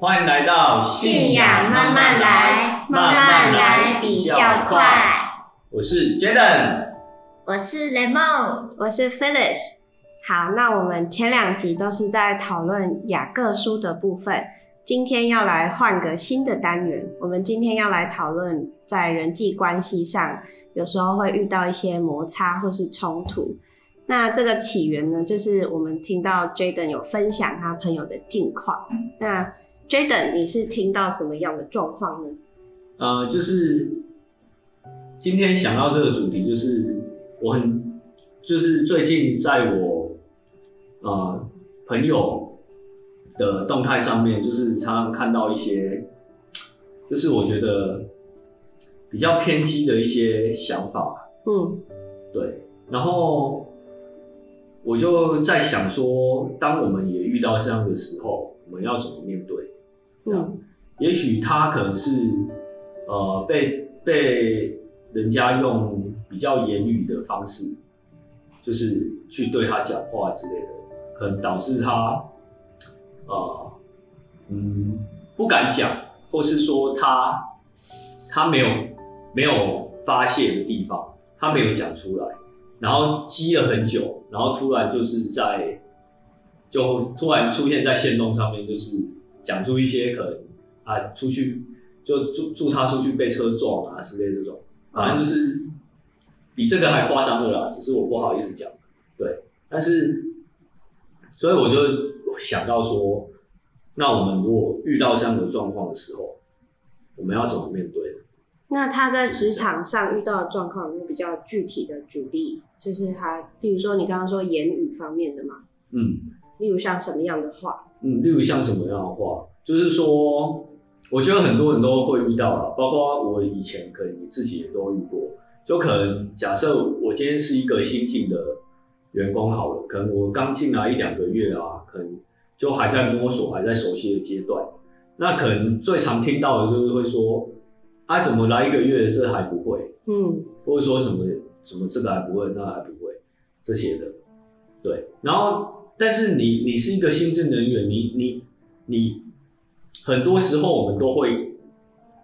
歡迎來到信仰，慢慢來，慢慢來,慢慢來比較快。我是 Jaden，我是 Lemon，我是 Phyllis。好，那我們前兩集都是在討論雅各書的部分，今天要來換個新的單元。我們今天要來討論在人際關係上，有時候會遇到一些摩擦或是衝突。那這個起源呢，就是我們聽到 Jaden 有分享他朋友的近況。那 Jaden，你是聽到什麼樣的狀況呢？呃，就是今天想到這個主題，就是我很就是最近在我呃朋友的動態上面，就是常常看到一些，就是我覺得比較偏激的一些想法。嗯，對。然後我就在想說，當我們也遇到這樣的時候，我們要怎麼面對？嗯這樣，也許他可能是，呃，被被人家用比較言語的方式，就是去對他講話之類的，可能導致他，呃，嗯，不敢講，或是說他他沒有沒有發洩的地方，他沒有講出來，然後積了很久，然後突然就是在就突然出現在行動上面，就是。講出一些可能啊，出去就祝他出去被車撞啊，之類這種，反、啊、正就是比這個還誇張的啦，只是我不好意思講。對，但是所以我就想到說，那我們如果遇到這樣的狀況的時候，我們要怎麼面對呢？那他在職場上遇到的狀況有沒有比較具體的舉例？就是他，例如說你剛剛說言語方面的嘛？嗯。例如像什麼樣的話？嗯，例如像什麼樣的話，就是說，我覺得很多人都會遇到啊，包括我以前可能自己也都遇過。就可能假設我今天是一個新進的員工好了，可能我剛進來一兩個月啊，可能就還在摸索、還在熟悉的階段。那可能最常聽到的就是會說：“哎，怎麼來一個月這還不會？”嗯，或者說什麼什麼這個還不會，那還不會這些的。對，然後。但是你，你是一個新進人員，你你你，你很多時候我們都會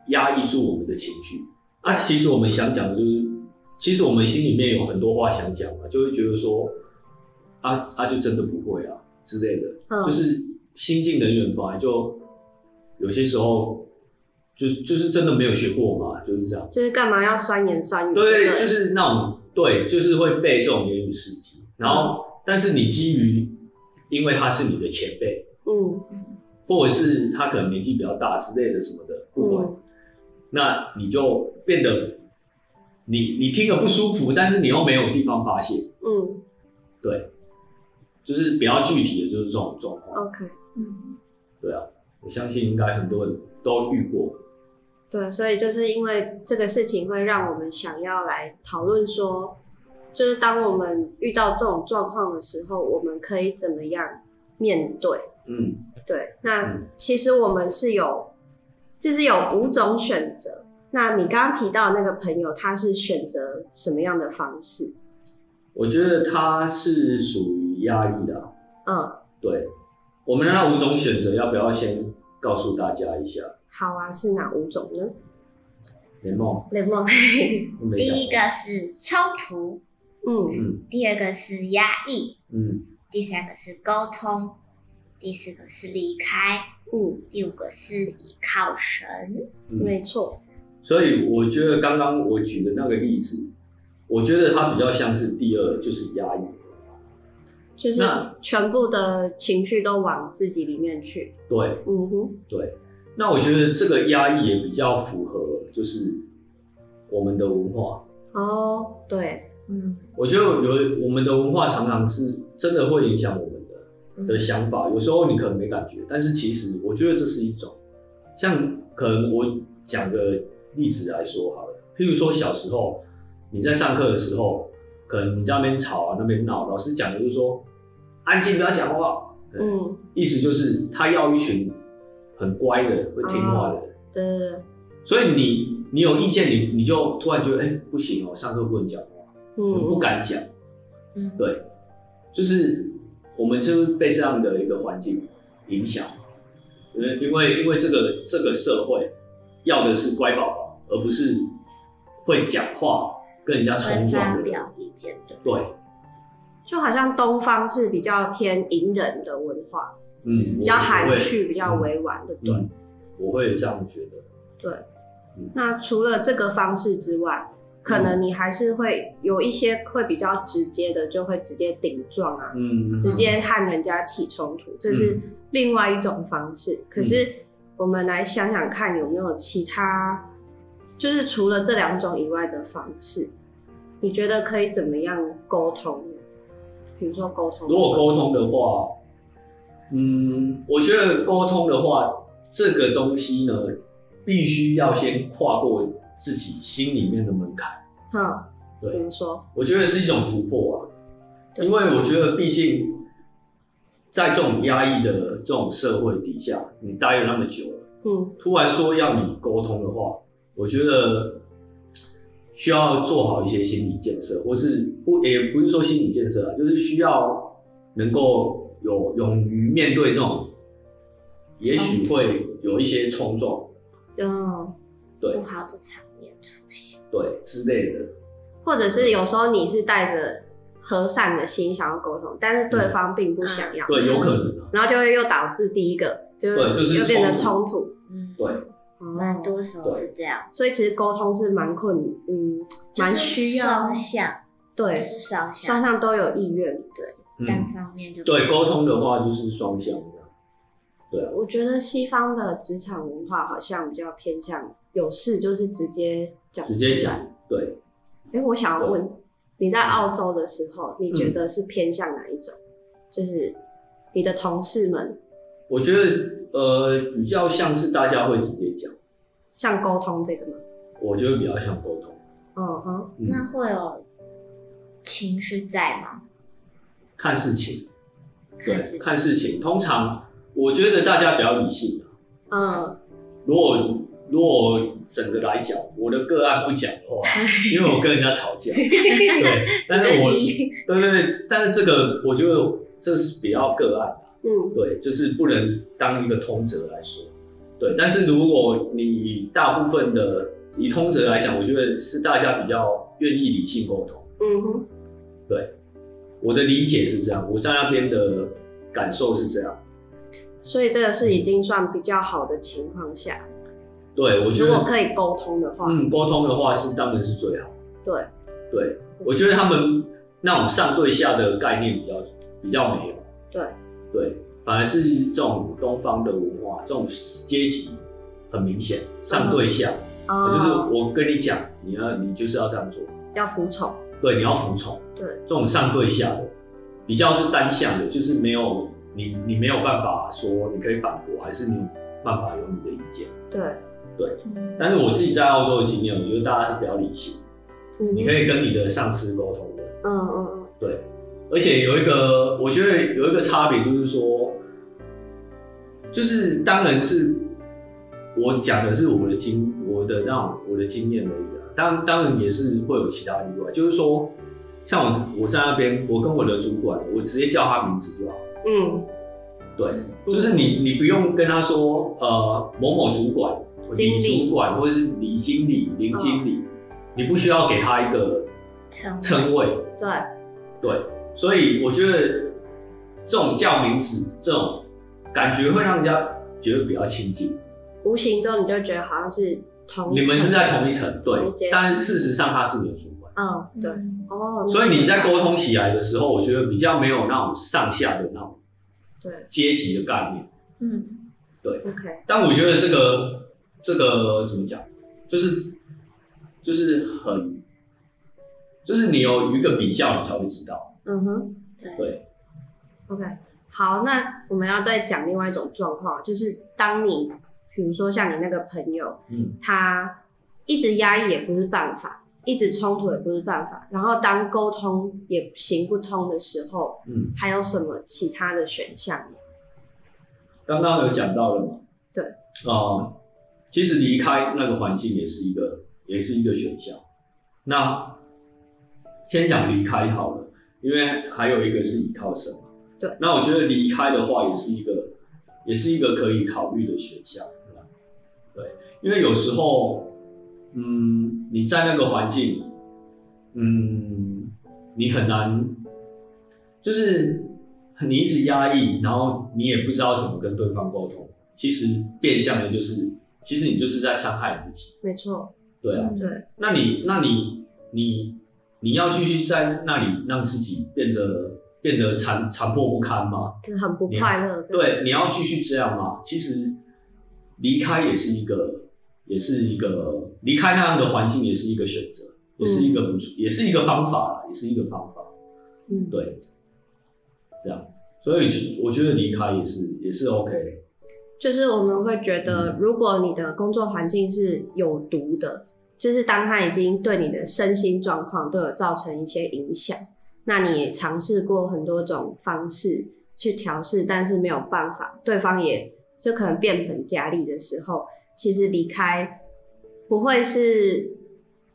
壓抑住我們的情緒啊。其實我們想講的就是，其實我們心裡面有很多話想講嘛，就會覺得說，啊，啊就真的不會啊之類的，嗯、就是新進人員反而就有些時候就就是真的沒有學過嘛，就是這樣。就是幹嘛要酸言酸語？對，對就是那種對，就是會被這種言語刺激，然後、嗯、但是你基於。因為他是你的前輩，嗯，或者是他可能年紀比較大之類的什麼的，不管，嗯，那你就變得你，你你聽得不舒服，但是你又沒有地方發洩，嗯，對，就是比較具體的就是這種狀況。OK，嗯，對啊，我相信應該很多人都遇過。對，所以就是因為這個事情，會讓我們想要來討論說。就是當我們遇到這種狀況的時候，我們可以怎麼樣面對？嗯，對。那其實我們是有，就、嗯、是有五種選擇。那你剛剛提到那個朋友，他是選擇什麼樣的方式？我覺得他是屬於壓抑的。啊。嗯，對。我們那五種選擇，嗯，要不要先告訴大家一下？好啊，是哪五種呢？連夢，連夢。 第一個是衝突。嗯，嗯，第二個是壓抑，嗯，第三個是溝通，第四個是離開，嗯，第五個是依靠神，嗯，沒錯。所以我覺得剛剛我舉的那個例子，我覺得它比較像是第二，就是壓抑，就是全部的情緒都往自己裡面去。對，嗯哼，對。那我覺得這個壓抑也比較符合，就是我們的文化。哦，對。嗯，我覺得有我們的文化常常是真的會影響我們的、嗯、的想法，有時候你可能沒感覺，但是其實我覺得這是一種，像可能我講個例子來說好了，譬如說，小時候你在上課的時候，可能你在那邊吵啊，那邊鬧，老師講的就是說，安靜，不要講話。嗯，意思就是他要一群很乖的、會聽話的人。啊、對對對。所以你你有意見你，你你就突然覺得哎、欸、不行哦，上課不能講。嗯，不敢講，嗯，對，就是，我們就被這樣的一個環境影響、嗯，因因為因為這個這個社會要的是乖寶寶，而不是會講話跟人家衝撞的表了意見，對。對，就好像東方是比較偏隱忍的文化，嗯，比較含蓄，比較委婉的、嗯，對不對、嗯？我會這樣覺得。對、嗯。那除了這個方式之外，可能你還是會有一些會比較直接的，就會直接頂撞啊，嗯，直接和人家起衝突，嗯，這是另外一種方式。嗯，可是我們來想想看，有沒有其他，就是除了這兩種以外的方式，你覺得可以怎麼樣溝通呢？比如說溝通，如果溝通的話，嗯，我覺得溝通的話，這個東西呢，必須要先跨過自己心裡面的門檻，嗯，對，怎麼說？我覺得是一種突破啊，對，因為我覺得，畢竟在這種壓抑的這種社會底下，你待了那麼久了，嗯，突然說要你溝通的話，我覺得需要做好一些心理建設，或是不也，欸、不是說心理建設啊，就是需要能夠有勇於面對這種，也許會有一些衝撞，嗯。不好的場面出現，對之類的、嗯，或者是有時候你是帶着和善的心想要溝通，但是對方並不想要，嗯嗯、對，有可能、啊，然後就會又導致第一個就對、就是、就變得衝突，嗯，對，蠻多時候是這樣，所以其實溝通是蠻困難，嗯，蠻需要雙向、就是，對，就是雙向，雙向都有意願，對，單方面就，對，溝通的話就是雙向。對，我覺得西方的職場文化好像比較偏向有事就是直接講，直接講，對。哎、欸，我想要問你在澳洲的時候、啊，你覺得是偏向哪一種、嗯？就是你的同事們？我覺得呃，比較像是大家會直接講，像溝通這個嗎？我覺得比較像溝通。嗯，好、嗯，那會有情緒在嗎？看看事情，對，看事情，通常。我覺得大家比較理性。嗯。如果如果整個來講，我的個案不講的話， 因為我跟人家吵架。對。但是我 對對對，但是這個我覺得這是比較個案吧。嗯。對，就是不能當一個通則來說。對。但是如果你大部分的以通則來講，我覺得是大家比較願意理性溝通。嗯哼。對，我的理解是這樣，我在那邊的感受是這樣。所以這個是已經算比較好的情況下，對，我覺得如果可以溝通的話，嗯，溝通的話是當然是最好。對，對，我覺得他們那種上對下的概念比較比較沒有。對對，反而是這種東方的文化，這種階級很明顯，嗯，上對下，嗯，就是我跟你講，你要，啊，你就是要這樣做，要服從，對，你要服從，對，這種上對下的比較是單向的，就是沒有。你你沒有辦法說你可以反駁，還是你有辦法有你的意見？對對，但是我自己在澳洲的經驗，我覺得大家是比較理性，你可以跟你的上司溝通的。嗯嗯，對，而且有一個我覺得有一個差別就是說，就是當然是我講的是我的經我的那種我的經驗而已啊，當當然也是會有其他意外，就是說像我我在那邊，我跟我的主管，我直接叫他名字就好。嗯，對，嗯，就是你，你不用跟他說，呃，某某主管，李主管，或者是李經理、林經理，哦，你不需要給他一個稱稱謂，對，對，所以我覺得這種叫名字，這種感覺會讓人家覺得比較親近，無形中你就覺得好像是同，你們是在同一層，對，但是事實上他是你。嗯、oh，對，哦、嗯，所以你在溝通起來的時候、嗯，我覺得比較沒有那種上下的那種對階級的概念。嗯，對。OK。但我覺得這個這個怎麼講，就是就是很就是你有一個比較，你才會知道。嗯哼，okay. 對。OK，好，那我們要再講另外一種狀況，就是當你比如說像你那個朋友，嗯，他一直壓抑也不是辦法。一直衝突也不是辦法，然後當溝通也行不通的時候，嗯，還有什麼其他的選項呢？剛剛有講到了嗎？對。哦、嗯，其實離開那個環境也是一個，也是一個選項。那先講離開好了，因為還有一個是依靠什麼？對。那我覺得離開的話，也是一個，也是一個可以考慮的選項，對吧？對，因為有時候。嗯，你在那個環境，嗯，你很難，就是你一直壓抑，然後你也不知道怎麼跟對方溝通。其實變相的就是，其實你就是在傷害自己。沒錯。對啊。對。那你，那你，你，你要繼續在那裡讓自己變得變得殘殘破不堪嗎？很不快樂。對，你要繼續這樣嗎？其實離開也是一個。也是一個離開那樣的環境也，也是一個選擇，也是一個不也是一個方法，也是一個方法。嗯，對，這樣，所以我覺得離開也是也是 OK、嗯。就是我們會覺得，嗯、如果你的工作環境是有毒的，就是當他已經對你的身心狀況都有造成一些影響，那你嘗試過很多種方式去調適，但是沒有辦法，對方也就可能變本加厲的時候。其實離開不會是，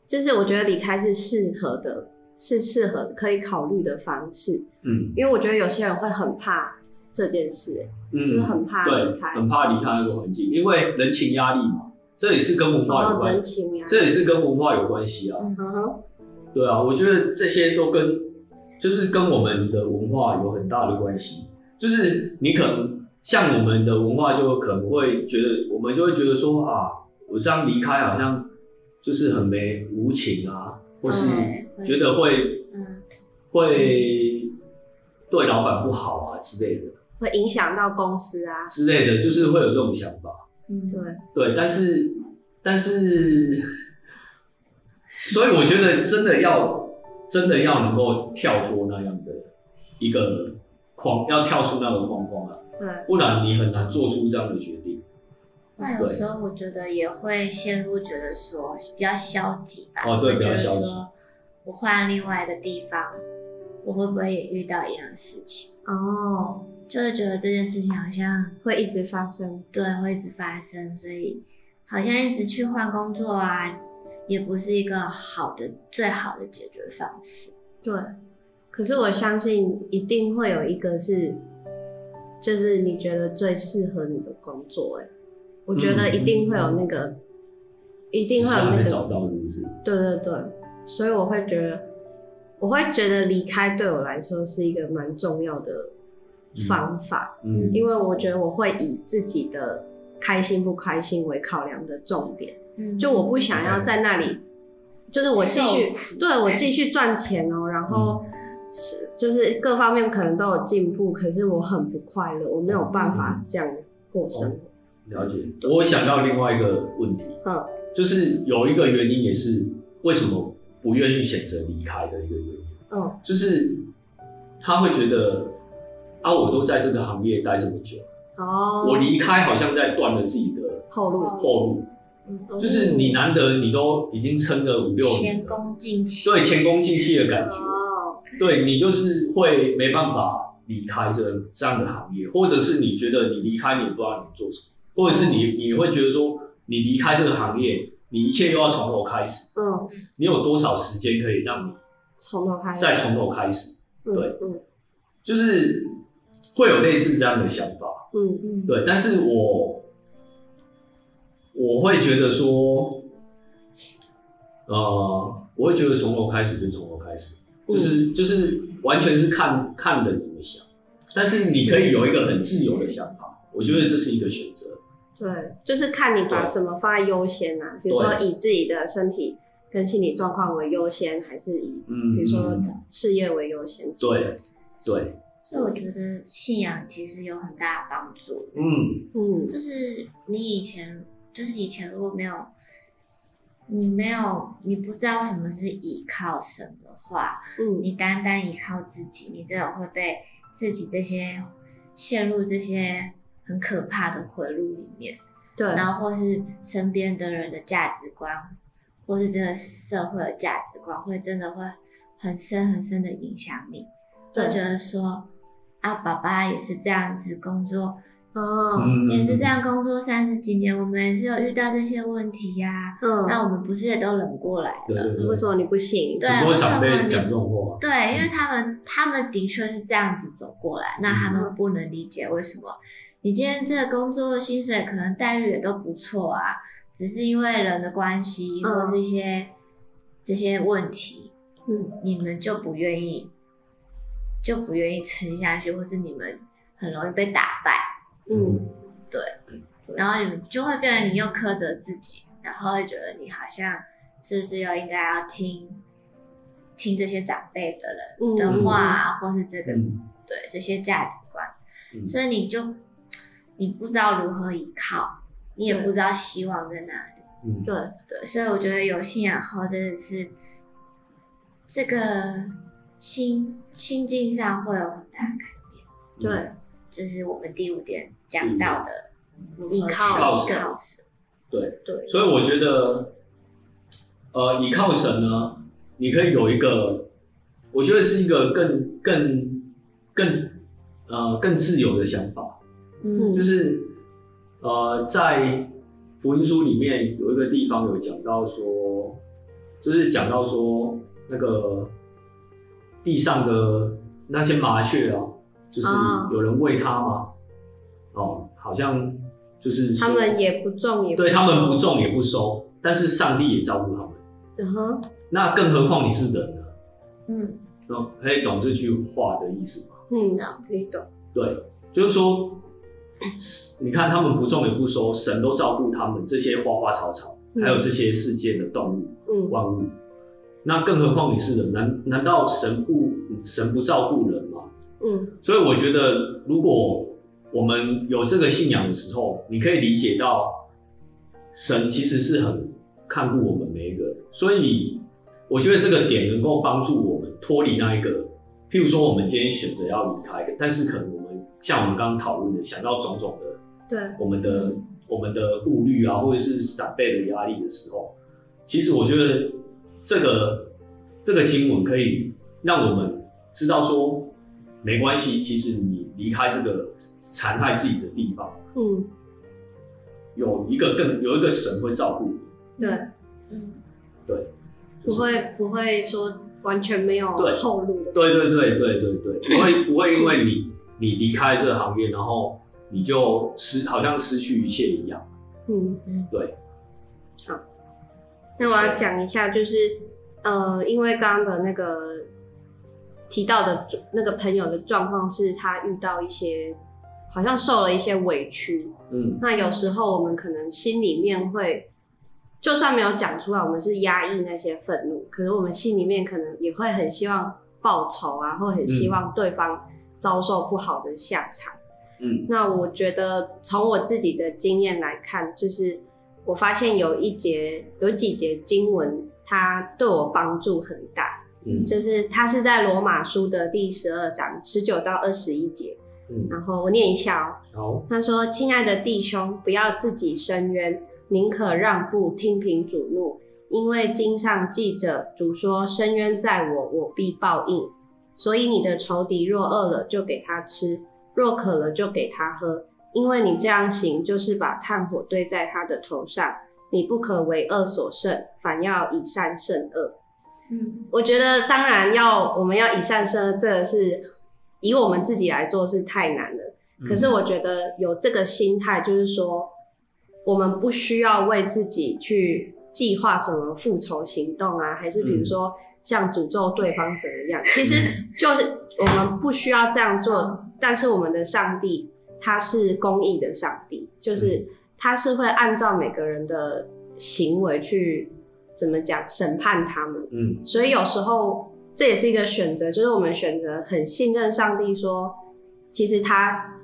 就是我覺得離開是適合的，是適合可以考慮的方式。嗯，因為我覺得有些人會很怕這件事、欸嗯，就是很怕離開，很怕離開那個環境， 因為人情壓力嘛。這裡是跟文化有關，好好這裡是跟文化有關係啊。嗯哼，對啊，我覺得這些都跟就是跟我們的文化有很大的關係，就是你可能。像我們的文化就可能會覺得，我們就會覺得說啊，我這樣離開好像就是很沒無情啊，或是覺得會對會、嗯、會對老闆不好啊之類的，會影響到公司啊之類的，就是會有這種想法。嗯，對，對，但是但是，所以我覺得真的要真的要能夠跳脫那樣的一個框，要跳出那個框框啊。不然你很難做出這樣的決定。那有時候我覺得也會陷入覺得說比較消極吧。哦，對，比較消極。說，我換另外一個地方，我會不會也遇到一樣的事情？哦，就是覺得這件事情好像會一直發生。對，會一直發生，所以好像一直去換工作啊，也不是一個好的、最好的解決方式。對，可是我相信一定會有一個是。就是你覺得最適合你的工作。欸，我覺得一定會有那個，一定會有那個找到，是不是？對對對，所以我會覺得，我會覺得離開對我來說是一個蠻重要的方法。嗯，因為我覺得我會以自己的開心不開心為考量的重點，嗯，就我不想要在那裡，就是我繼續。對，我繼續賺錢哦，然後。是，就是各方面可能都有進步，可是我很不快樂，我沒有辦法這樣過生活。哦嗯哦。了解，嗯。我想到另外一個問題，嗯，就是有一個原因，也是為什麼不願意選擇離開的一個原因。嗯、哦，就是他會覺得，啊，我都在這個行業待這麼久，哦，我離開好像在斷了自己的後路。哦。後路。嗯，就是你難得，你都已經撐了五六年，前功盡棄。對，前功盡棄的感覺。哦對，你就是會沒辦法離開這這樣的行業，或者是你覺得你離開你不知道你做什麼，或者是你你會覺得說你離開這個行業，你一切都要從頭開始。嗯，你有多少時間可以讓你從頭開始？再從頭開始？對，嗯嗯，就是會有類似這樣的想法。嗯嗯，對，但是我我會覺得說，呃，我會覺得從頭開始就從頭開始。嗯、就是就是完全是看看人怎麼想，但是你可以有一個很自由的想法，嗯、我覺得這是一個選擇。對，就是看你把什麼放在優先啊，比如說以自己的身體跟心理狀況為優先，還是以，比如說事業為優先的。對對。所以我覺得信仰其實有很大的幫助。嗯嗯，就是你以前就是以前如果沒有。你沒有，你不知道什麼是依靠神的話，嗯，你單單依靠自己，你真的會被自己這些陷入這些很可怕的回路裡面，對，然後或是身邊的人的價值觀，或是這個社會的價值觀，會真的會很深很深的影響你，我覺得說啊，爸爸也是這樣子工作，哦、嗯，也是這樣、嗯、工作三十幾年，我們也是有遇到這些問題呀、啊。嗯、那、啊、我們不是也都忍過來了？為什麼你不行？對，為什麼你不過？對，因為他們、嗯、他們的確是這樣子走過來，那他們不能理解為什麼、嗯啊、你今天這個工作薪水可能待遇也都不錯啊，只是因為人的關係或是一些、嗯、這些問題，嗯，你們就不願意就不願意撐下去，或是你們很容易被打敗。嗯，對，然後你就會變得你又苛責自己，然後會覺得你好像是不是又應該要聽，聽這些長輩的人的話，嗯、或是這個、嗯、對這些價值觀、嗯，所以你就你不知道如何依靠、嗯，你也不知道希望在哪裡。嗯、對對，所以我覺得有信仰後真的是，這個心心境上會有很大的改變。對、嗯，就是我們第五點。講到的、嗯、依靠、依靠神，對，對，所以我覺得，呃，依靠神呢，你可以有一個，我覺得是一個更更更呃更自由的想法，嗯，就是呃在福音書裡面有一個地方有講到說，就是講到說那個地上的那些麻雀啊，就是有人餵它嘛。哦好像就是他們也不種，也對，他們不種也不收，但是上帝也照顧他們。Uh-huh. 那更何況你是人呢？嗯，嗯，可以懂這句話的意思嗎？嗯，可以懂。對，就是說，你看他們不種也不收，神都照顧他們這些花花草草，還有這些世間的動物、嗯、萬物。那更何況你是人，難難道神不神不照顧人嗎？嗯，所以我覺得如果。我們有這個信仰的時候，你可以理解到，神其實是很看顧我們每一個人，所以我覺得這個點能夠幫助我們脫離那一個，譬如說我們今天選擇要離開，但是可能我們像我們剛剛討論的，想到種種的，對，我們的我們的顧慮啊，或者是長輩的壓力的時候，其實我覺得這個這個經文可以讓我們知道說，沒關係，其實你。離開這個殘害自己的地方，嗯，有一個更有一個神會照顧你，對，嗯，對、就是，不會不會說完全沒有後路，對對對對對對，對， 不會不會因為你你離開這個行業，然後你就失好像失去一切一樣，嗯嗯，對，好，那我要講一下，就是呃，因為剛剛的那個。提到的那個朋友的狀況是，他遇到一些，好像受了一些委屈。嗯，那有時候我們可能心裡面會，就算沒有講出來，我們是壓抑那些憤怒，可是我們心裡面可能也會很希望報仇啊，或很希望對方遭受不好的下場。嗯，那我覺得從我自己的經驗來看，就是我發現有一節，有幾節經文，它對我幫助很大。嗯、就是他是在羅馬書的第十二章十九到二十一節、嗯，然後我念一下哦、喔。他說：“親愛的弟兄，不要自己伸冤，寧可讓步，聽憑主怒，因為經上記着，主說：伸冤在我，我必報應。所以你的仇敵若餓了，就給他吃；若渴了，就給他喝。因為你這樣行，就是把炭火堆在他的頭上。你不可為惡所勝，反要以善勝惡。”嗯，我覺得當然要，我們要以善勝，這是以我們自己來做是太難了。可是我覺得有這個心態，就是說，我們不需要為自己去計劃什麼復仇行動啊，還是比如說像詛咒對方怎麼樣？其實就是我們不需要這樣做。但是我們的上帝他是公義的上帝，就是他是會按照每個人的行為去。怎麼講？審判他們，嗯，所以有時候這也是一個選擇，就是我們選擇很信任上帝說，說其實他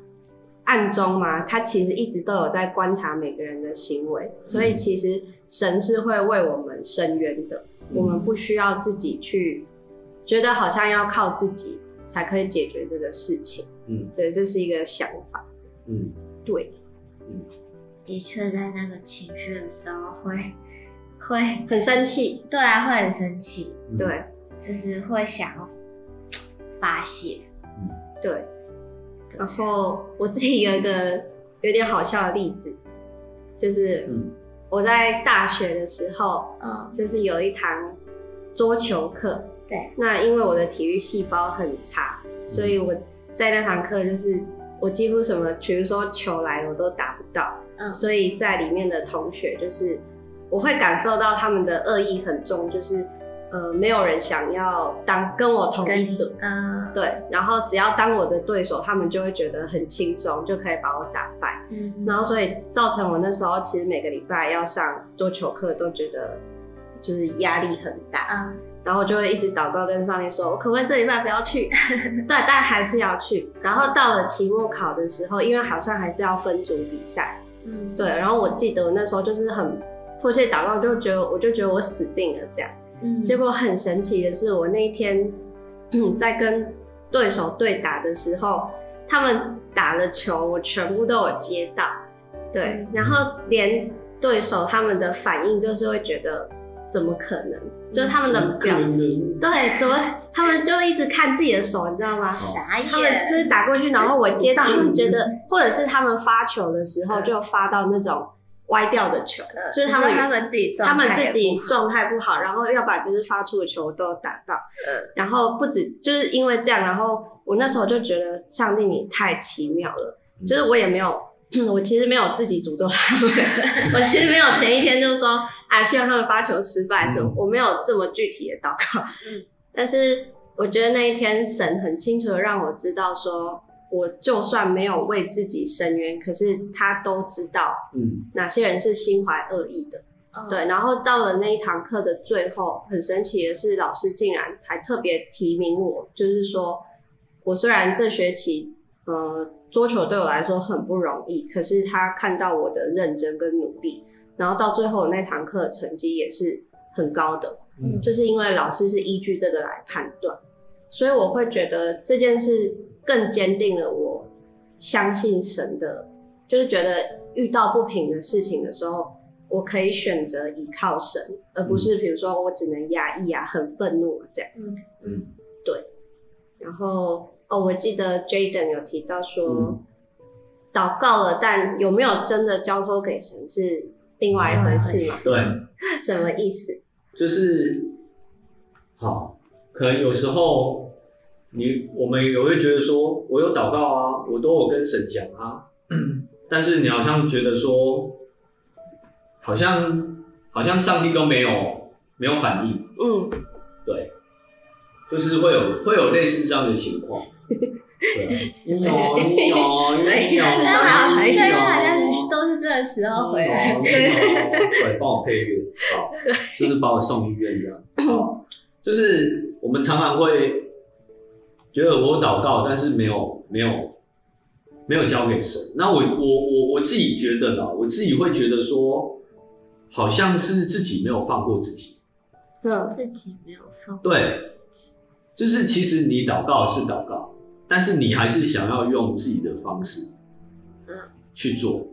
暗中嘛，他其實一直都有在觀察每個人的行為，嗯、所以其實神是會為我們伸冤的，嗯、我們不需要自己去覺得好像要靠自己才可以解決這個事情，嗯，所以這是一個想法，嗯，對，嗯、的確在那個情緒的時候會。會很生氣，對啊，會很生氣、嗯，對，就是會想要發洩，對。然後我自己有一個有點好笑的例子，嗯、就是我在大學的時候，嗯、就是有一堂桌球課，對、嗯。那因為我的體育細胞很差、嗯，所以我在那堂課就是我幾乎什麼，比如說球來了我都打不到、嗯，所以在裡面的同學就是。我會感受到他們的惡意很重，就是，呃，沒有人想要當跟我同一組，嗯、哦，對，然後只要當我的對手，他們就會覺得很輕鬆，就可以把我打敗，嗯，然後所以造成我那時候其實每個禮拜要上桌球課都覺得就是壓力很大，嗯，然後我就會一直禱告跟上帝說，我可不可以這禮拜不要去？ 對，但還是要去。然後到了期末考的時候，因為好像還是要分組比賽，嗯，對，然後我記得我那時候就是很。迫切禱告，我就覺得我就覺得我死定了這樣。嗯，結果很神奇的是，我那一天在跟對手對打的時候，他們打的球我全部都有接到。對，然後連對手他們的反應就是會覺得怎麼可能，就是他們的表情。對，怎麼他們就一直看自己的手，你知道嗎？他們就是打過去，然後我接到，他們覺得，或者是他們發球的時候就發到那種。歪掉的球，嗯、就是他們是他們自己他們自己狀態不好，然後要把就是發出的球都打到。嗯，然後不止就是因為這樣，然後我那時候就覺得上帝你太奇妙了，嗯、就是我也沒有，我其實沒有自己詛咒他們，嗯、 我其實沒有前一天就說啊希望他們發球失敗什麼，我沒有這麼具體的禱告。嗯，但是我覺得那一天神很清楚的讓我知道說。我就算沒有為自己申冤，可是他都知道哪些人是心懷惡意的。嗯。對，然後到了那一堂課的最後，很神奇的是，老師竟然還特別提名我，就是說，我雖然這學期呃桌球對我來說很不容易，可是他看到我的認真跟努力，然後到最後的那堂課成績也是很高的，嗯，就是因為老師是依據這個來判斷。所以我會覺得這件事更堅定了我相信神的，就是覺得遇到不平的事情的時候，我可以選擇依靠神，而不是比如說我只能壓抑啊，很憤怒這樣。嗯對。然後哦，我記得 Jayden 有提到說、嗯，禱告了，但有沒有真的交托給神是另外一回事。對。什麼意思？就是，嗯、好。可能有時候，你我們也會覺得說，我有禱告啊，我都有跟神講啊，但是你好像覺得說，好像好像上帝都沒有沒有反應，嗯，對，就是會有會有類似這樣的情況，對、哎、啊，哦、哎、哦，因為因為好像對對，好像都是這個時候回來，嗯嗯嗯嗯嗯嗯嗯、 對，幫我配樂啊，就是把我送醫院這樣，好、啊，就是。我們常常會覺得我禱告，但是沒有、沒有、沒有交給神。那我、我、我，我自己覺得啦，我自己會覺得說，好像是自己沒有放過自己。嗯，自己沒有放過。對。自己就是，其實你禱告是禱告，但是你還是想要用自己的方式，去做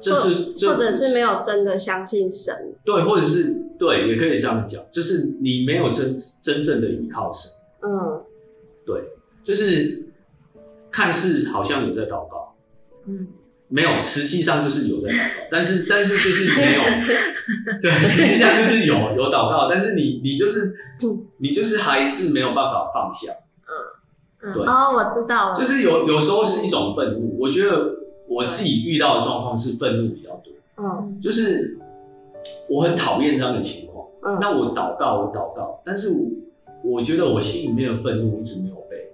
這。或者是沒有真的相信神。對，或者是。對，也可以這樣講，就是你沒有真、嗯、真正的依靠神。嗯，對，就是看似好像有在禱告，嗯，沒有，實際上就是有在禱告， 但是但是就是沒有， 對，實際上就是有有禱告，但是你你就是、嗯、你就是還是沒有辦法放下。嗯，對，哦，我知道了，就是有有時候是一種憤怒，我覺得我自己遇到的狀況是憤怒比較多。嗯，就是。我很討厭這樣的情況，嗯，那我禱告，我禱告，但是我我覺得我心裡面的憤怒一直沒有被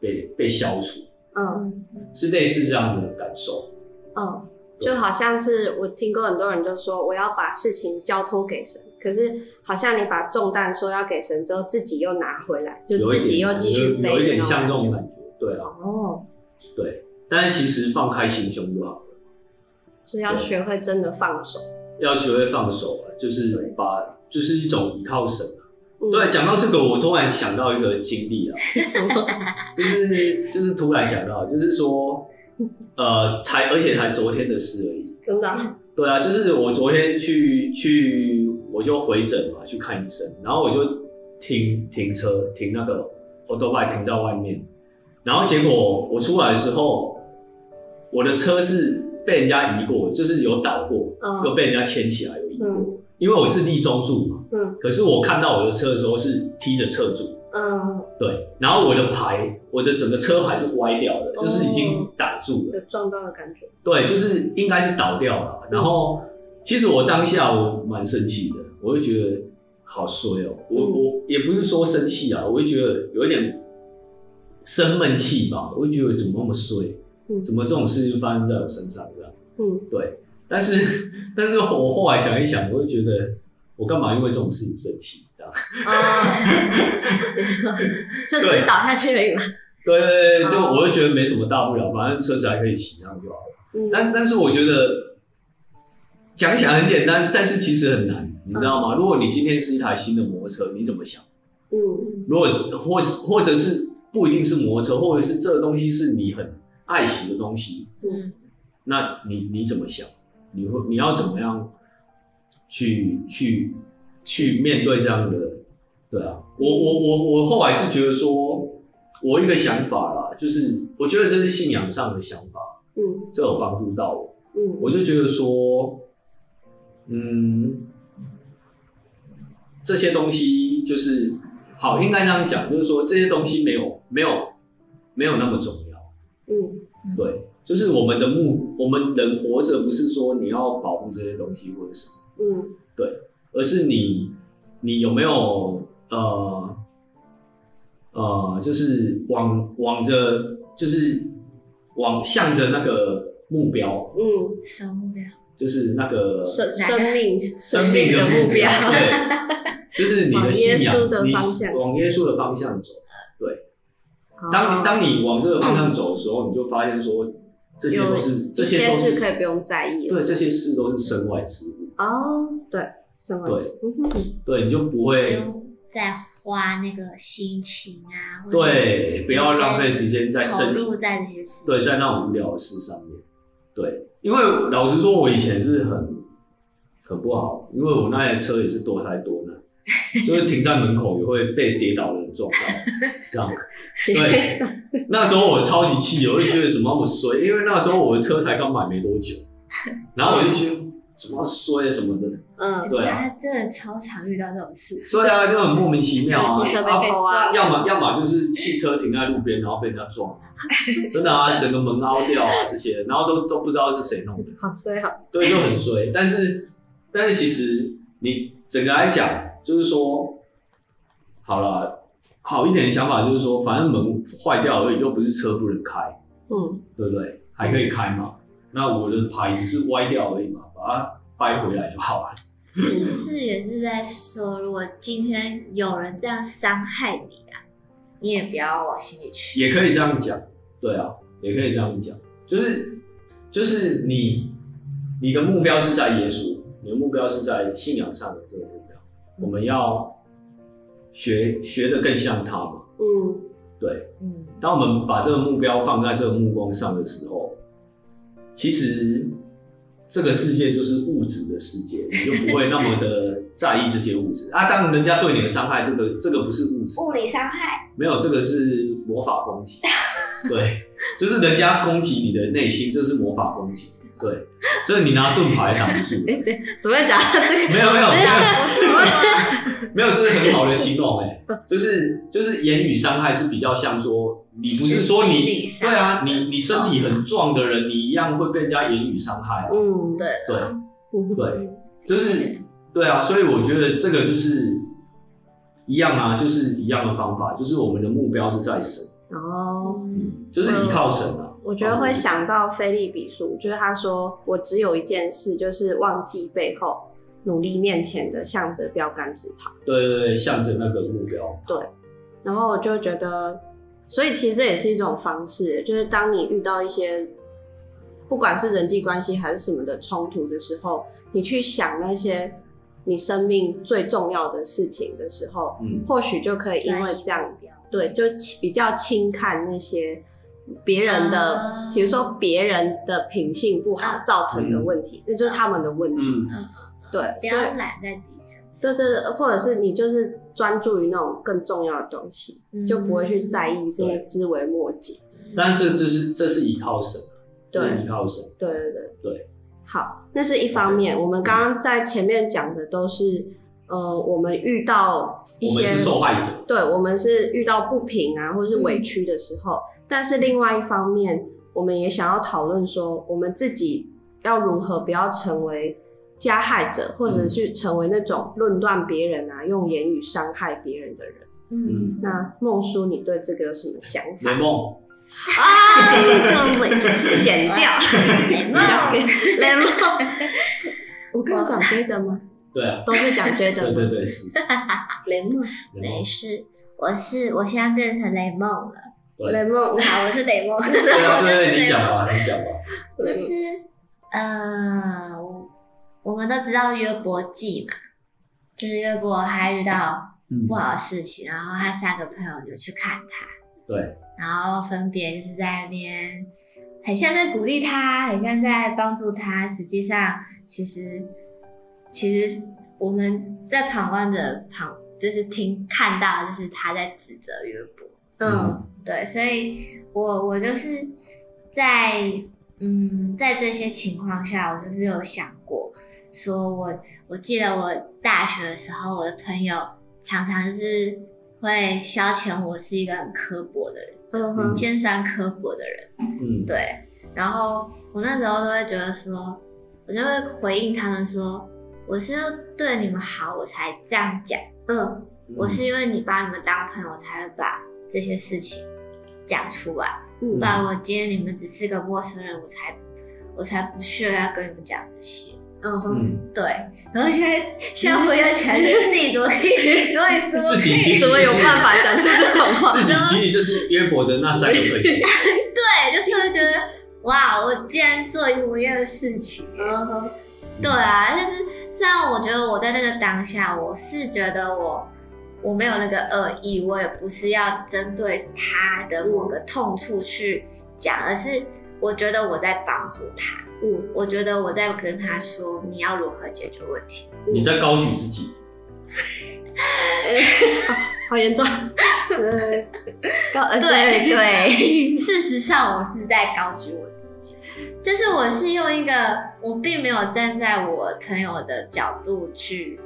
被被消除，嗯，是類似這樣的感受，嗯，就好像是我聽過很多人就說，我要把事情交托給神，可是好像你把重擔說要給神之後，自己又拿回來，就自己又繼續背有，有，有，有一點像這種感覺，感覺，對啊，哦，對，但是其實放開心胸就好了，是要學會真的放手。要學會放手啊，就是把，就是一種依靠神啊。對，講到這個，我突然想到一個經歷啊，就是就是突然想到，就是說，呃，才而且才昨天的事而已。真的？對啊，就是我昨天去去，我就回診嘛，去看醫生，然後我就停停車停那個，我都把停在外面，然後結果我出來的時候，我的車是，被人家移過，就是有倒過，哦、又被人家牽起來，有移過，嗯。因為我是立中柱嘛。嗯。可是我看到我的車的時候是踢着側柱。嗯。對，然後我的牌，我的整個車牌是歪掉的，嗯，就是已經擋住了。有撞，哦，到的感覺。對，就是應該是倒掉了。然後，嗯，其實我當下我蠻生氣的，我就覺得好衰哦，喔。我，嗯，我也不是說生氣啊，我就覺得有點生悶氣吧，我就覺得怎麼那麼衰。嗯，怎麼這種事情發生在我身上這樣？嗯，對，但是但是我後來想一想，我就覺得我幹嘛因為這種事情生氣這樣？啊，哦， 沒錯，就只是倒下去了。對，對對對，就我就覺得沒什麼大不了，反正車子還可以騎，這樣就好了。嗯，但但是我覺得講起來很簡單，但是其實很難，你知道嗎，嗯？如果你今天是一台新的摩托車，你怎麼想？嗯，如果或是或者是不一定是摩托車，或者是這個東西是你很。愛情的東西，嗯，那你你怎麼想？你會你要怎麼樣去去去面對這樣的？對啊，我我我我後來是覺得說，我一個想法啦，就是我覺得這是信仰上的想法，嗯，這有幫助到我，嗯，我就覺得說，嗯，這些東西就是好，應該這樣講，就是說，這些東西沒有沒有沒有那麼重要，嗯。對，就是我們的目，嗯、我們人活着不是說你要保護這些東西或者什麼，嗯，對，而是你，你有沒有呃呃，就是往往着，就是往向着那個目標，嗯，什麼目標？就是那個生生命生命的目標， 對，就是你的信仰，你往耶穌的，的方向走，當你當你往這個方向走的時候，你就發現說這，這些都是這些事可以不用在意。對，這些事都是身外之物。哦，對，身外之物。對，你就不會不再花那個心情啊。對，不要浪費時間在身投在這些事。對，在那種無聊的事上面。對，因為老實說，我以前是很很不好，因為我那台車也是多災多難，就是停在門口也會被跌倒的人撞到。 這樣，對，那時候我超級氣，我 就覺得怎麼那麼衰，因為那時候我的車才剛買沒多久， 然後我就覺得怎麼衰什麼的，嗯，對、啊，其實他真的超常遇到這種事，所以來就很莫名其妙啊，汽、那個、車被被、啊啊、要麼要麼就是汽車停在路邊然後被人家撞， 真的啊， 整個門凹掉啊這些，然後都都不知道是誰弄的，好衰啊對，就很衰，但是但是其實你整個來講就是說，好了。好一點的想法就是說，反正門壞掉而已，又不是車不能開，嗯，對不對，對？還可以開嘛。那我的牌只是歪掉而已嘛，把它掰回來就好了。是不是也是在說，如果今天有人這樣傷害你啊，你也不要往心裡去。也可以這樣講，對啊，也可以這樣講，就是就是你你的目標是在耶穌，你的目標是在信仰上的這個目標，嗯，我們要。學學的更像他嘛？嗯，對，嗯，當我們把這個目標放在這個目光上的時候，其實這個世界就是物質的世界，你就不會那麼的在意這些物質啊。當然人家對你的傷害，這個這個不是物質，物理傷害，沒有，這個是魔法攻擊。對，就是人家攻擊你的內心，這是魔法攻擊。對，就是你拿盾牌擋不住。哎，對，怎麼會講假、這個？沒有，沒有，這個、 沒有，沒有，沒有，這是很好的形容哎、欸。就是就是言語傷害是比較像說，你不是說你，對啊，你你身體很壯的人，你一樣會被人家言語傷害、啊嗯。嗯，對，對，對，就是對啊，所以我覺得這個就是一樣啊，就是一樣的方法，就是我們的目標是在神，哦、嗯，就是依靠神、啊。嗯我覺得會想到腓立比書、哦，就是他說我只有一件事，就是忘記背後，努力面前的，向着標杆直跑。對對對，向着那個目標。對，然後我就覺得，所以其實這也是一種方式，就是當你遇到一些，不管是人際關係還是什麼的衝突的時候，你去想那些你生命最重要的事情的時候，嗯，或許就可以因為這樣，對，就比較輕看那些。別人的，比如說別人的品性不好造成的問題，那、啊嗯、就是他們的問題。嗯嗯，對，比較懶在自己身上對對、對或者是你就是專注於那種更重要的東西，嗯，就不會去在意這些枝微末節，但是這就是這是依靠神，對，依靠神。對對對、對、對好，那是一方面。嗯，我們剛剛在前面講的都是，呃，我們遇到一些我們是受害者，對我們是遇到不平啊，或者是委屈的時候。嗯但是另外一方面，我們也想要討論說，我們自己要如何不要成為加害者，或者是成為那種論斷別人啊、用言語傷害別人的人。嗯，那孟叔，你對這個有什麼想法？雷夢啊，這個尾剪掉，雷夢，雷夢， 我跟你講追得嗎？對啊，都是講追得嗎？對對對，是雷夢，沒事，我是我現在變成雷夢了。雷夢，好，我是雷夢。我、啊、 就是雷你講吧，你講就是、就是、呃、嗯，我們都知道約伯記嘛，就是約伯還遇到不好的事情、嗯，然後他三個朋友就去看他。對。然後分別就是在那邊，很像在鼓勵他，很像在幫助他。實際上，其實其實我們在旁觀者旁，就是聽看到，就是他在指責約伯。嗯，嗯，對，所以我我就是在嗯在這些情況下，我就是有想過，說我我記得我大學的時候，我的朋友常常就是會消遣我是一個很刻薄的人，嗯，尖酸刻薄的人，嗯，對，然後我那時候都會覺得說，我就會回應他們說，我是對你們好，我才這樣講，嗯，我是因為你把你們當朋友，才會把。這些事情講出來，不然我今天你們只是個陌生人，我才我才不屑要跟你們講這些。Uh -huh, 嗯哼，對。然後現在現在回想起來，就自己多厲害， 多厲害，怎麼怎麼有辦法講出來這種話？自己其實就是約伯的那三個問題。 對，就是覺得 哇，我竟然做一模一樣的事情。嗯哼，對啊，就、嗯、是雖然我覺得我在那個當下，我是覺得我。我沒有那個惡意，我也不是要針對他的某個痛處去講，而是我覺得我在幫助他。嗯，我覺得我在跟他說，你要如何解決問題。嗯，你在高舉自己， 啊，好嚴重。 對對對，對，事實上我是在高舉我自己，就是我是用一個我並沒有站在我朋友的角度去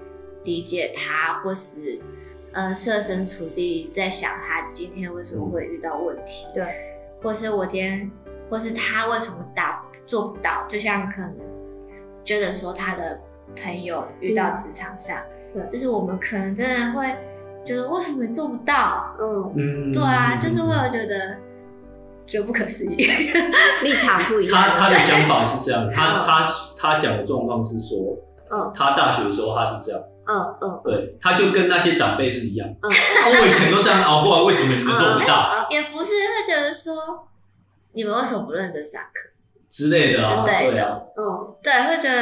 理解他，或是。呃，設身處地在想他今天為什麼會遇到問題、嗯，對，或是我今天，或是他為什麼打，做不到？就像可能覺得說他的朋友遇到職場上、嗯對，就是我們可能真的會覺得為什麼你做不到？嗯嗯，對啊，就是會有覺得覺得、嗯、不可思議， 立場不一樣。他他的想法是這樣，嗯、他他他講的狀況是說，嗯，他大學的時候他是這樣。嗯嗯，對，他就跟那些長輩是一樣，嗯，我以前都這樣熬過來， 哦、不然為什麼你們做不到？也不是，會覺得說你們為什麼不認真上課之類的，之類的、啊類的，對啊，嗯，對，會覺得，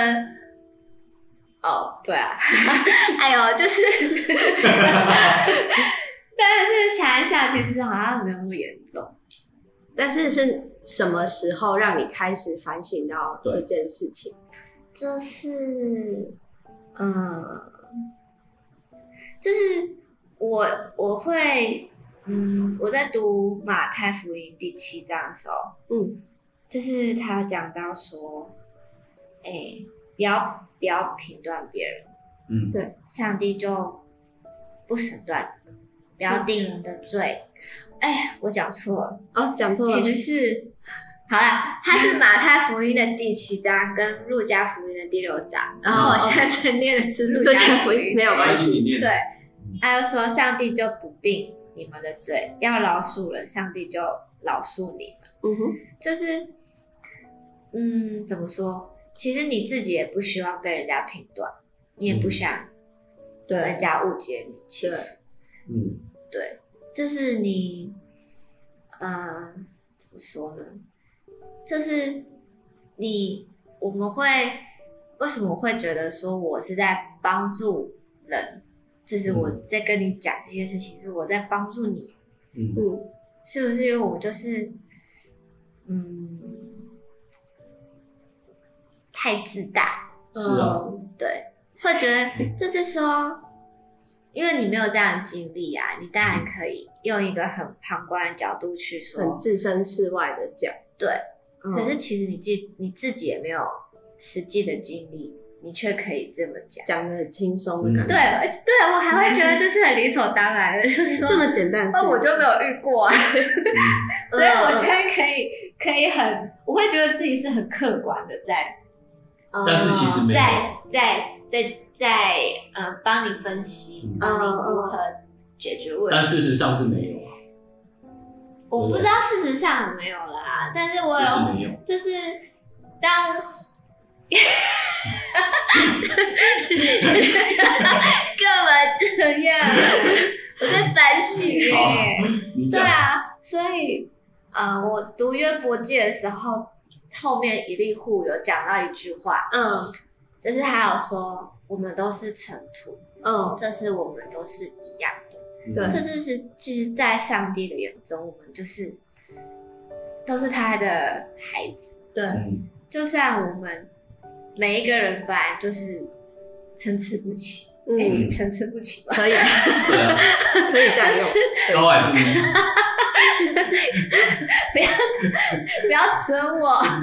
哦，對啊， 哎呦，就是 但是想一想，其實好像沒有那麼嚴重。但是是什麼時候讓你開始反省到這件事情？就是，嗯。就是我我會，嗯，我在讀馬太福音第七章的時候，嗯，就是他講到說，哎、欸，不要不要評斷別人，嗯，對，上帝就不審斷，不要定人的罪。哎、嗯，我講錯了，哦，講錯了，其實是。好了，他是馬太福音的第七章，跟路加福音的第六章。 然後我現在在念的是路加福音、哦，沒有關係。對，他就說：“上帝就不定你們的罪，要饒恕人，上帝就饒恕你們。”嗯哼，就是，嗯，怎麼說？其實你自己也不希望被人家評斷，你也不想對人家誤解你、嗯。其實，嗯，對，就是你，嗯、呃、怎麼說呢？就是你，我們會為什麼會覺得說我是在幫助人？這、就是我在跟你講這些事情，嗯、是我在幫助你，嗯，是不是？因為我們就是，嗯，太自大，是哦、啊嗯，對，會覺得就是說，嗯、因為你沒有這樣的經歷啊，你當然可以用一個很旁觀的角度去說，很置身事外的講，對。嗯、可是其實你自你自己也沒有實際的經歷，你卻可以這麼講，講得很輕鬆的感覺，對對，我還會覺得這是很理所當然的， 就是說這麼簡單，哦，我就沒有遇過啊， 嗯、所以我現在可以可以很，我會覺得自己是很客觀的在，嗯、但是其實沒有在在在在呃幫你分析，幫你如何解決問題，但事實上是沒有。我不知道事實上有沒有啦，嗯，但是我有，就是、有就是當，哈哈哈幹嘛這樣？我在反省。對啊，所以，呃，我讀約伯記的時候，後面以利戶有講到一句話，嗯，就是他有說我們都是塵土，嗯，這是我們都是一樣的。對這是是，其實，在上帝的眼中，我們就是都是他的孩子。對，嗯、就算我們每一個人本來就是參差不齊，以參差不齊吧，可以、啊 對啊，可以這樣用。就是 不要不要損我！誒，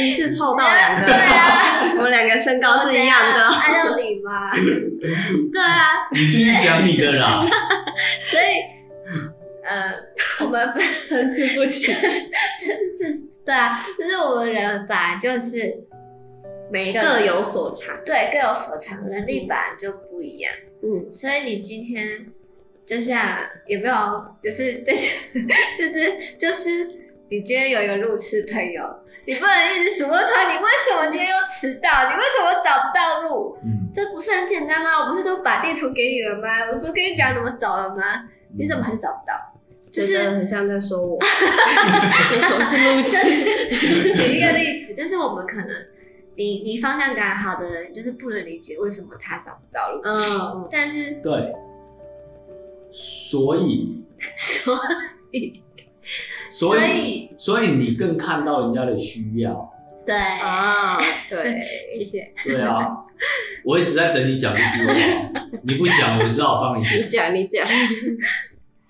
你是臭到兩個， 對啊，我們兩個身高是一樣的，按道理嘛，對啊，你是講你的啦， 所以呃，我們不參差不齊，參 差對啊，就是我們人吧，就是。每一個各有所長，對，各有所長，能力本來就不一樣。嗯，所以你今天就像、是啊、有沒有就是這些就是就是、就是就是、你今天有一個路痴朋友，你不能一直數落他，你為什麼今天又遲到？你為什麼找不到路、嗯？這不是很簡單嗎？我不是都把地圖給你了嗎？我不是跟你講怎麼走了嗎？你怎麼還是找不到？嗯、就是很像在說我我總 是路痴、就是。舉一個例子，就是我們可能。你你方向感好的人就是不能理解為什麼他找不到路，嗯、但是對，所以所以所以所以，所以你更看到人家的需要，對啊、哦，對，謝謝，對啊， 我一直在等你講一句話，你不講，我知道，我幫你，你講你講，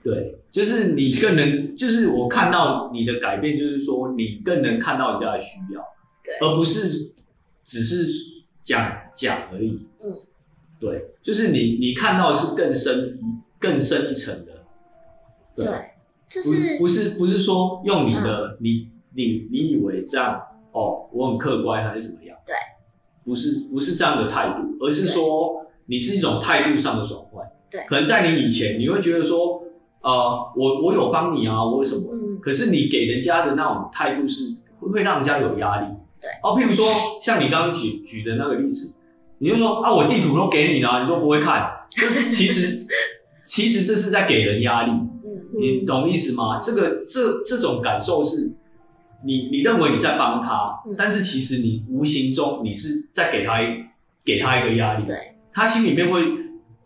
對，就是你更能，就是我看到你的改變，就是說你更能看到人家的需要，對，而不是。只是講講而已，嗯，對，就是你你看到的是更深一更深一層的對，對，就是不是不是說用你的、啊、你你你以為這樣哦，我很客觀還是怎麼樣？對，不是不是這樣的態度，而是說你是一種態度上的轉換，對，可能在你以前你會覺得說，呃，我我有幫你啊，我為什麼、嗯？可是你給人家的那種態度是會讓人家有壓力。對，哦、啊，譬如說，像你剛剛舉舉的那個例子，你就說啊，我地圖都給你了，你都不會看，這是其實 其實這是在給人壓力，嗯，嗯，你懂意思嗎？這個這這種感受是你，你你認為你在幫他、嗯，但是其實你無形中你是在給他給他一個壓力，對，他心裡面會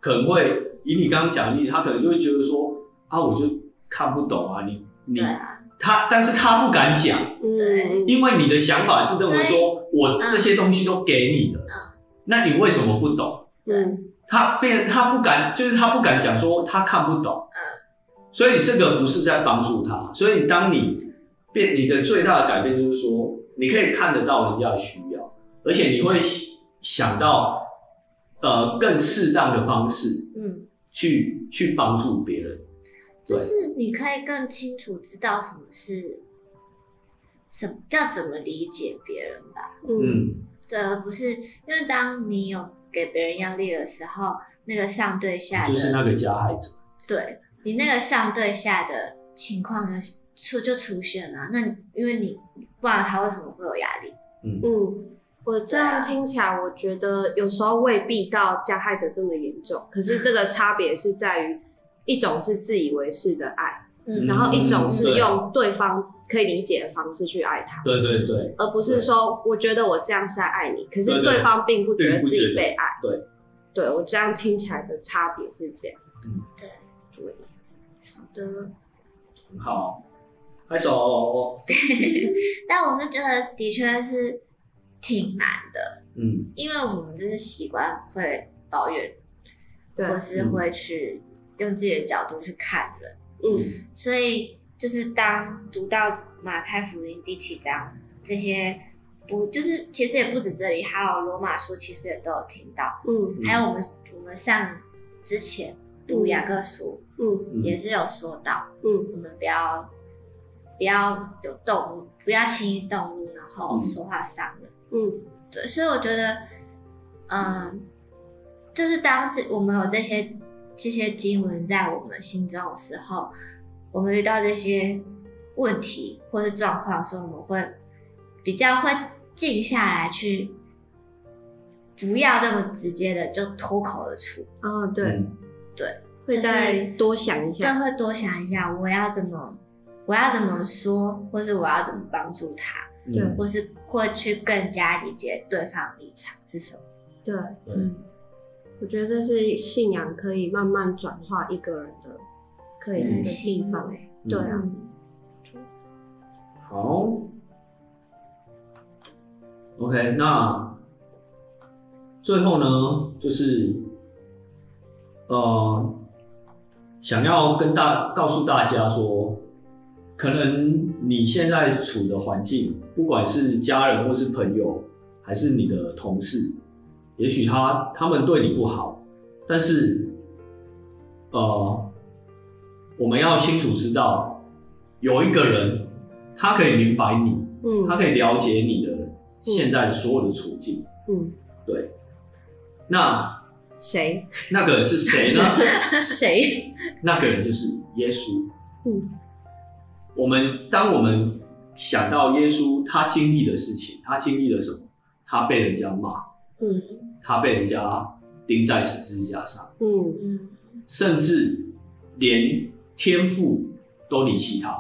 可能會以你剛剛講的例子，他可能就會覺得說啊，我就看不懂啊，你你。對啊他，但是他不敢講、嗯，對，因為你的想法是認為說，我這些東西都給你的，啊、那你為什麼不懂、嗯？對，他變，他不敢，就是他不敢講說他看不懂、嗯，所以這個不是在幫助他，所以當你變，你的最大的改變就是說，你可以看得到人家的需要，而且你會想到，嗯、呃，更適當的方式去，嗯，去去幫助別人。就是你可以更清楚知道什麼是什麼，叫怎麼理解別人吧。嗯，對，而不是因為當你有給別人壓力的時候，那個上對下的就是那個加害者，對，你那個上對下的情況就出就出現了。那因為你不知道他為什麼會有壓力嗯。嗯，我這樣聽起來，我覺得有時候未必到加害者這麼嚴重。可是這個差別是在於。一種是自以為是的愛、嗯，然後一種是用對方可以理解的方式去愛他。對對對，對，而不是說我覺得我這樣是在愛你對對對。可是對方並不覺得自己被愛。對，對，對，對我這樣聽起來的差別是這樣。對對，樣樣對，對，好的，好，拍手、哦。 但我是覺得的確是挺難的。嗯，因為我們就是習慣會抱怨，或是會去、嗯。用自己的角度去看人，嗯，所以就是當讀到馬太福音第七章這些不、不就是其實也不止這裡，還有羅馬書，其實也都有聽到，嗯，還有我們我們上之前讀、嗯、雅各書，嗯，也是有說到，嗯，我們不要不要有動怒，不要輕易動怒，然後說話傷人，嗯，嗯，對，所以我覺得，嗯，嗯，就是當這我們有這些。這些經文在我們心中的時候，我們遇到這些問題或是狀況的時候，我們會比較會靜下來去，不要這麼直接的就脫口而出。哦，嗯，對，對，就是，會再多想一下會多想一下。對，會多想一下，我要怎麼，我要怎麼說，或是我要怎麼幫助他？對，嗯，或是會去更加理解對方的立場是什麼？對，嗯。我覺得這是信仰可以慢慢轉化一個人的，可以的地方。對啊。嗯。好。OK，那最後呢，就是，呃，想要跟大告訴大家說，可能你現在處的環境，不管是家人或是朋友，還是你的同事。也許他他們對你不好，但是，呃，我們要清楚知道，有一個人，他可以明白你，嗯，他可以了解你的現在所有的處境，嗯，對。那誰？那個人是誰呢？誰、那個 那個人就是耶穌。嗯，我們當我們想到耶穌，他經歷的事情，他經歷了什麼？他被人家罵，嗯。他被人家釘在十字架上，嗯，甚至連天父都離棄他，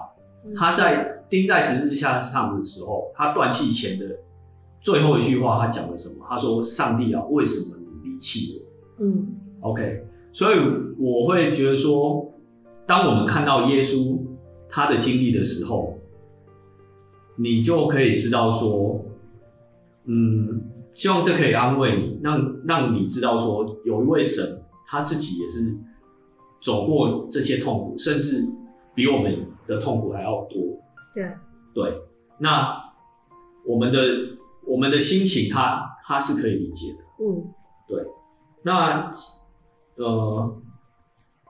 嗯。他在釘在十字架上的時候，他斷氣前的最後一句話，他講了什麼？他說：“上帝啊，為什麼你離棄我？”嗯，OK。所以我會覺得說，當我們看到耶穌他的經歷的時候，你就可以知道說，嗯。希望這可以安慰你，讓讓你知道說，有一位神他自己也是走過這些痛苦，甚至比我們的痛苦還要多。對，對，那我們的我們的心情，他他是可以理解的。嗯，對。那呃，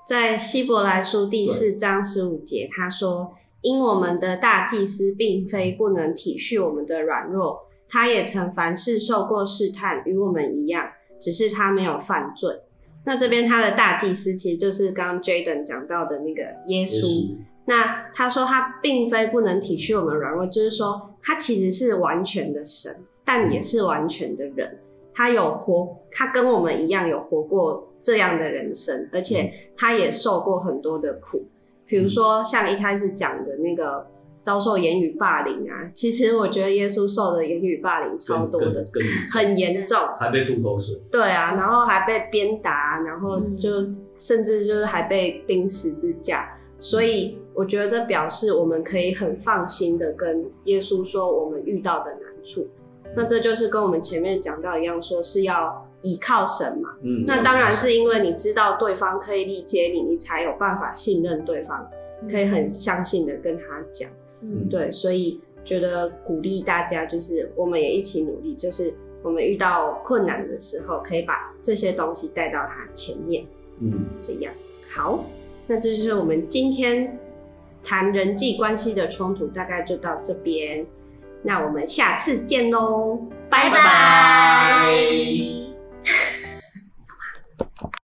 在希伯來書第四章十五節，他說：“因我們的大祭司並非不能體恤我們的軟弱。”他也曾凡事受過試探，與我們一樣，只是他沒有犯罪。那這邊他的大祭司其實就是剛剛 Jaden 講到的那個耶穌，耶穌。那他說他並非不能體恤我們軟弱，就是說他其實是完全的神，但也是完全的人。嗯、他有活，他跟我們一樣有活過這樣的人生，而且他也受過很多的苦，比如說像一開始講的那個。遭受言語霸凌啊！其實我覺得耶穌受的言語霸凌超多的，很嚴重，還被吐口水。對啊，然後還被鞭打，然後就甚至就是還被釘十字架。嗯。所以我覺得這表示我們可以很放心的跟耶穌說我們遇到的難處。嗯。那這就是跟我們前面講到一樣，說是要倚靠神嘛。嗯。那當然是因為你知道對方可以理解你，你才有辦法信任對方，可以很相信的跟他講。嗯，對，所以覺得鼓勵大家，就是我們也一起努力，就是我們遇到困難的時候，可以把這些東西帶到祂前面，嗯，這樣好。那這就是我們今天談人際關係的衝突，大概就到這邊。那我們下次見嘍，拜拜。拜拜